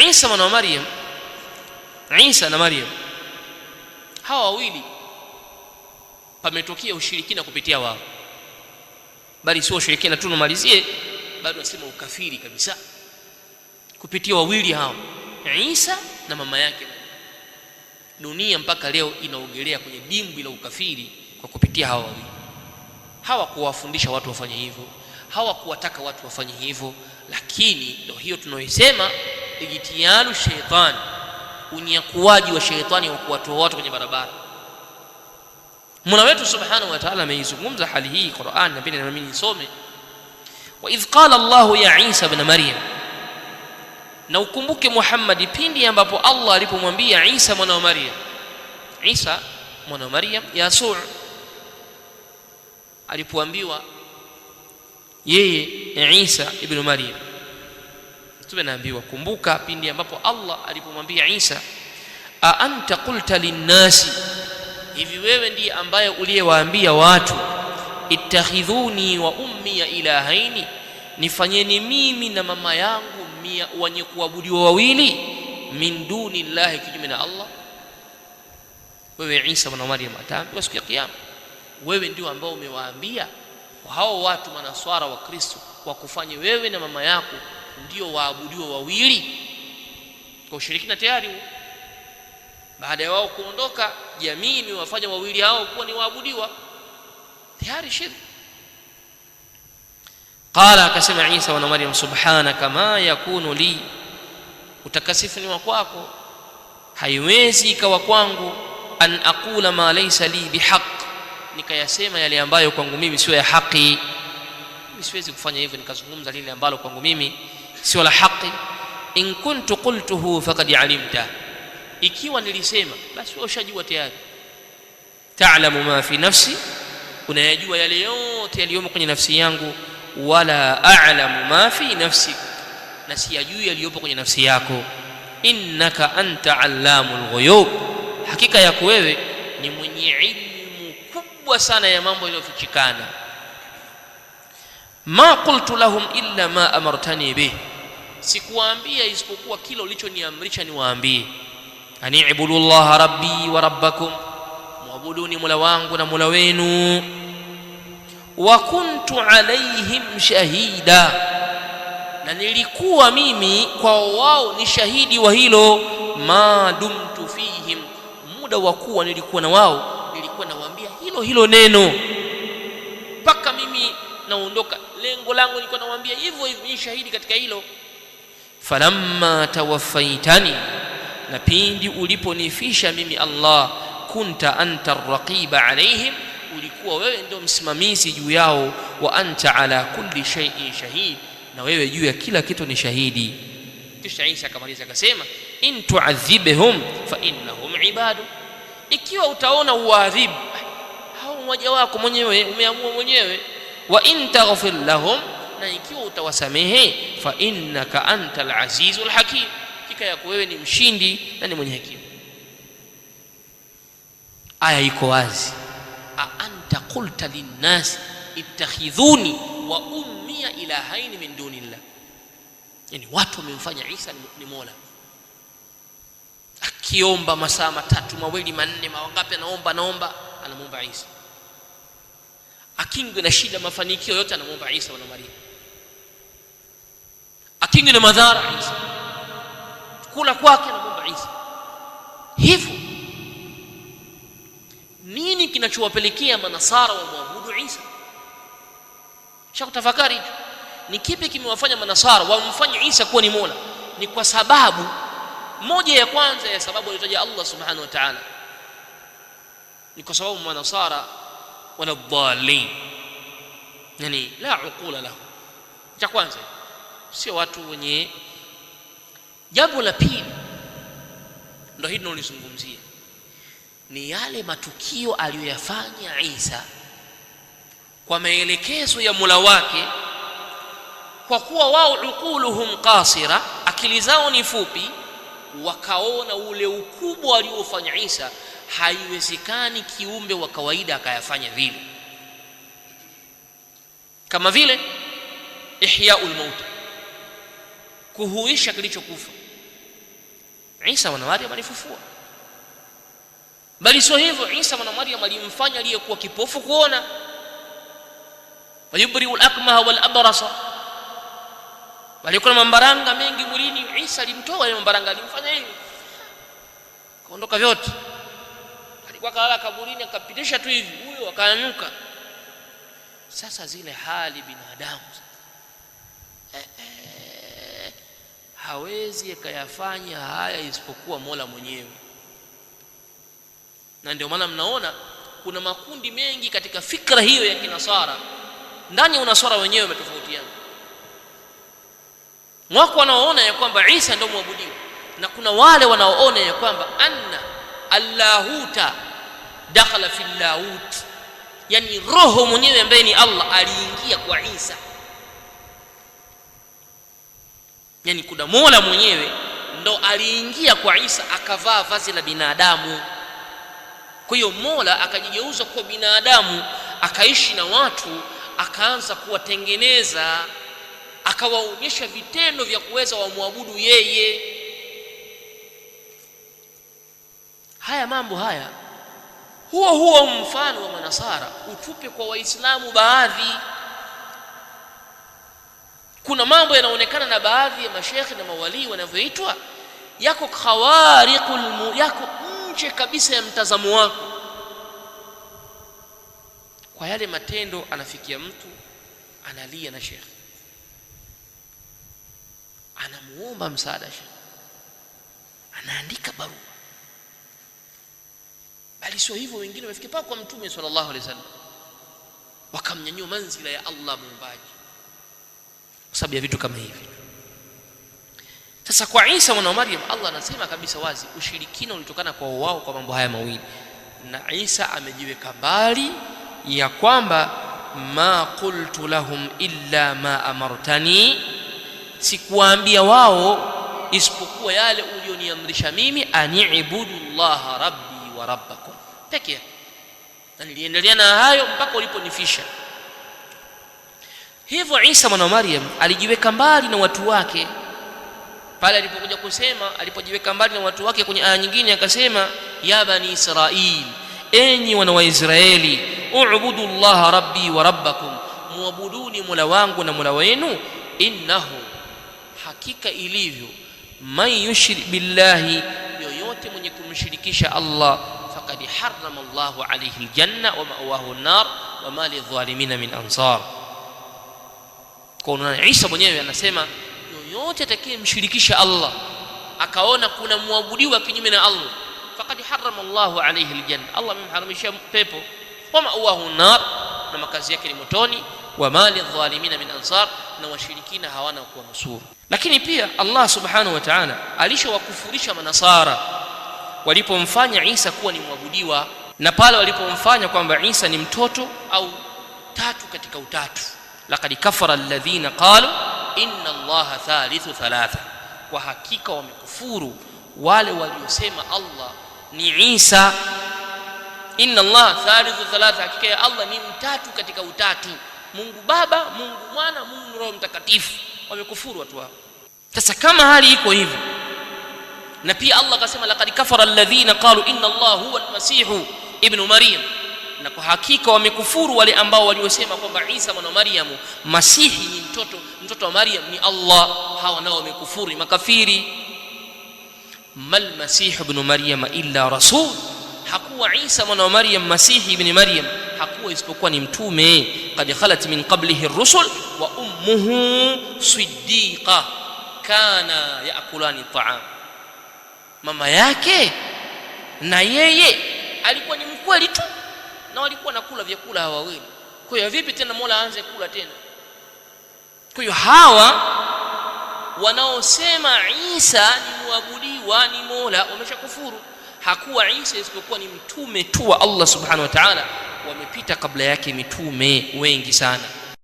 Isa mwana wa Maryam, Isa na Maryam hawa wawili pametokea ushirikina kupitia wao, bali sio ushirikina tu. Namalizie bado nasema ukafiri kabisa kupitia wawili hao, Isa na mama yake. Dunia mpaka leo inaogelea kwenye dimbwi la ukafiri kwa kupitia hawa wawili. Hawakuwafundisha watu wafanye hivyo, hawakuwataka watu wafanye hivyo, lakini ndio hiyo tunaoisema ijtialu sheitani, unyakuaji wa shaitani wa kuwatoa watu kwenye barabara. Mola wetu subhanahu wa ta'ala ameizungumza hali hii Qur'an, na pia nami nisome wa idh qala Allahu ya Isa ibn Maryam, na ukumbuke Muhammad, pindi ambapo Allah alipomwambia Isa mwana wa Maryam, Isa mwana wa Maryam yasu alipoambiwa yeye Isa ibn Maryam Mtume anaambiwa, kumbuka pindi ambapo Allah alipomwambia Isa, a anta qulta linnasi, hivi wewe ndiye ambaye uliyewaambia watu ittakhidhuni wa ya ilahaini, nifanyeni mimi na mama yangu mia wenye kuabudiwa wawili, min duni llahi, kinyume na Allah. Wewe Isa mwana Maryam ataambiwa siku ya Kiyama, wewe ndio ambao umewaambia hao watu manaswara wa Kristo wakufanye wewe na mama yako ndio waabudiwa wawili kwa ushirikina tayari. Baada ya wao kuondoka, jamii imewafanya wawili hao kuwa ni waabudiwa tayari, shirki. Qala, akasema Isa wana Maryam, subhanaka ma yakunu li, utakasifu ni wa kwako, haiwezi ikawa kwangu an aqula ma laysa li bihaq, nikayasema yale ambayo kwangu mimi sio ya haki. Mimi siwezi kufanya hivyo nikazungumza lile ambalo kwangu mimi sio la haki in kuntu qultuhu faqad alimta ikiwa nilisema basi wewe ushajua tayari ta'lamu ma fi nafsi unayajua yale yote yaliyomo kwenye nafsi yangu wala a'lamu ma fi nafsi na siyajui yaliyopo kwenye nafsi yako innaka anta allamul ghuyub hakika yako wewe ni mwenye ilmu kubwa sana ya mambo yaliyofichikana ma qultu lahum illa ma amartani bihi sikuwaambia isipokuwa kila ulichoniamrisha niwaambie, ani ibudu llaha rabbi wa rabbakum, mwabuduni mola wangu na mola wenu. Wa kuntu alaihim shahida, na nilikuwa mimi kwa wao ni shahidi wa hilo. Ma dumtu fihim, muda wa kuwa nilikuwa na wao, nilikuwa nawaambia hilo hilo neno mpaka mimi naondoka. Lengo langu nilikuwa nawaambia hivyo hivyo, ni shahidi katika hilo falamma tawaffaitani, na pindi uliponifisha mimi Allah, kunta anta raqiba alaihim, ulikuwa wewe ndio msimamizi juu yao, wa anta ala kulli shay'in shahid, na wewe juu ya kila kitu ni shahidi. Kisha Isa akamaliza akasema, in tuadhibhum fa innahum ibadu, ikiwa utaona uwaadhibu hao, mmoja wako mwenyewe umeamua mwenyewe, wa in taghfir lahum na ikiwa utawasamehe fa innaka antal azizul hakim, hakika yako wewe ni mshindi na ni mwenye hekima. Aya iko wazi, a anta qulta linnasi ittakhidhuni wa ummiya ilahaini min dunillah, yani watu wamemfanya Isa ni mola akiomba masaa matatu mawili manne mawangapi, anaomba anaomba, anamwomba Isa akingwe na shida, mafanikio yote, anamwomba Isa, Maria akinywa na madhara Isa, kula kwake na Isa. Hivyo nini kinachowapelekea manasara wamwabudu Isa? kutafakari hicho ni kipi kimewafanya manasara wamfanye Isa kuwa ni mola? Ni kwa sababu moja ya kwanza ya sababu aliyotaja Allah subhanahu wa ta'ala ni kwa sababu manasara wanadhalin, yani la uqula lahu, cha kwanza sio watu wenye. Jambo la pili ndo hili nilizungumzia, ni yale matukio aliyoyafanya Isa kwa maelekezo ya Mola wake, kwa kuwa wao uquluhum qasira, akili zao ni fupi, wakaona ule ukubwa aliofanya Isa haiwezekani kiumbe wa kawaida akayafanya vile, kama vile ihyaul mauta kuhuisha kilichokufa. Isa mwana Maryam alifufua, bali sio hivyo. Isa mwana Maryam alimfanya aliyekuwa kipofu kuona, wayubriu lakmaha walabrasa, walikuwa na mambaranga mengi mwilini. Isa alimtoa ile mambaranga, alimfanya hivi, kaondoka vyote. Alikuwa kalala kaburini, akapitisha tu hivi, huyo akanuka. Sasa zile hali binadamu hawezi akayafanya haya isipokuwa Mola mwenyewe. Na ndio maana mnaona kuna makundi mengi katika fikra hiyo ya Kinasara. Ndani ya unaswara wenyewe umetofautiana, wako wanaoona ya kwamba Isa ndio mwabudiwa, na kuna wale wanaoona ya kwamba anna allahuta dakhala fi llahut yani roho mwenyewe ambaye ni Allah aliingia kwa Isa. yani kuna Mola mwenyewe ndo aliingia kwa Isa akavaa vazi la binadamu. Kwa hiyo Mola akajigeuza kuwa binadamu, akaishi na watu, akaanza kuwatengeneza, akawaonyesha vitendo vya kuweza wamwabudu yeye. Haya mambo haya huo huo mfano wa Manasara utupe kwa Waislamu baadhi kuna mambo yanaonekana na baadhi ya mashekhe na mawalii wanavyoitwa yako khawariqul yako nje kabisa ya mtazamo wako. Kwa yale matendo anafikia mtu analia na shekhe, anamuomba msaada shekhe, anaandika barua. Bali sio hivyo, wengine wamefikia mpaka kwa Mtume sallallahu alaihi wasallam wakamnyanyua manzila ya Allah muumbaji kwa sababu ya vitu kama hivi. Sasa kwa Isa mwana wa Maryam, Allah anasema kabisa wazi ushirikina ulitokana kwa wao kwa mambo haya mawili, na Isa amejiweka mbali ya kwamba ma qultu lahum illa ma amartani, sikuwaambia wao isipokuwa yale ulioniamrisha mimi, anibudu llaha rabbi wa rabbakum pekee, na niliendelea na hayo mpaka uliponifisha. Hivyo Isa mwana wa Maryam alijiweka mbali na watu wake pale alipokuja kusema, alipojiweka mbali na watu wake kwenye aya nyingine akasema, ya bani Israil, enyi wana wa Israeli, ubudu llaha rabbi wa rabbakum, muabuduni mola wangu na mola wenu. Innahu, hakika ilivyo, man yushrik billahi, yoyote mwenye kumshirikisha Allah, fakad harrama llahu alaihi ljanna wa mawahu nar wa ma lidhalimina min ansar kwa Isa mwenyewe anasema yoyote atakayemshirikisha Allah akaona kuna muabudiwa kinyume na Allah faqad harama Allahu alayhi aljanna, Allah amemharamishia pepo, wa ma'wahu nar, na makazi yake ni motoni, wa mali dhalimina min ansar, na washirikina hawana kuwa nusuru. Lakini pia Allah subhanahu wa ta'ala alishowakufurisha manasara walipomfanya Isa kuwa ni mwabudiwa na pale walipomfanya kwamba Isa ni mtoto au tatu katika utatu laqad kafara alladhina qalu inna allaha thalithu thalatha, kwa hakika wamekufuru wale waliosema Allah ni Isa. Inna allaha thalithu thalatha, hakika ya Allah ni mtatu katika utatu, Mungu Baba, Mungu Mwana, Mungu Roho Mtakatifu. Wamekufuru watu wao. Sasa kama hali iko hivyo, na pia Allah akasema laqad kafara alladhina qalu inna allaha huwa almasihu ibnu Maryam na kwa hakika wamekufuru wale ambao waliosema kwamba Isa mwana wa Maryamu Masihi ni mtoto mtoto wa Maryam ni Allah. Hawa nao wamekufuru, ni makafiri. mal masihi ibn Maryam illa rasul, hakuwa Isa mwana wa Maryam Masihi ibn Maryam hakuwa isipokuwa ni mtume. kad khalat min qablihi rusul wa ummuhu siddiqa kana yakulani taam, mama yake na yeye alikuwa ni mkweli tu na walikuwa nakula vyakula hawa wawili. Kwa hiyo vipi tena Mola aanze kula tena? Kwa hiyo hawa wanaosema Isa ni muabudiwa ni Mola wameshakufuru. Hakuwa Isa isipokuwa ni mtume tu wa Allah subhanahu wa ta'ala, wamepita kabla yake mitume wengi sana.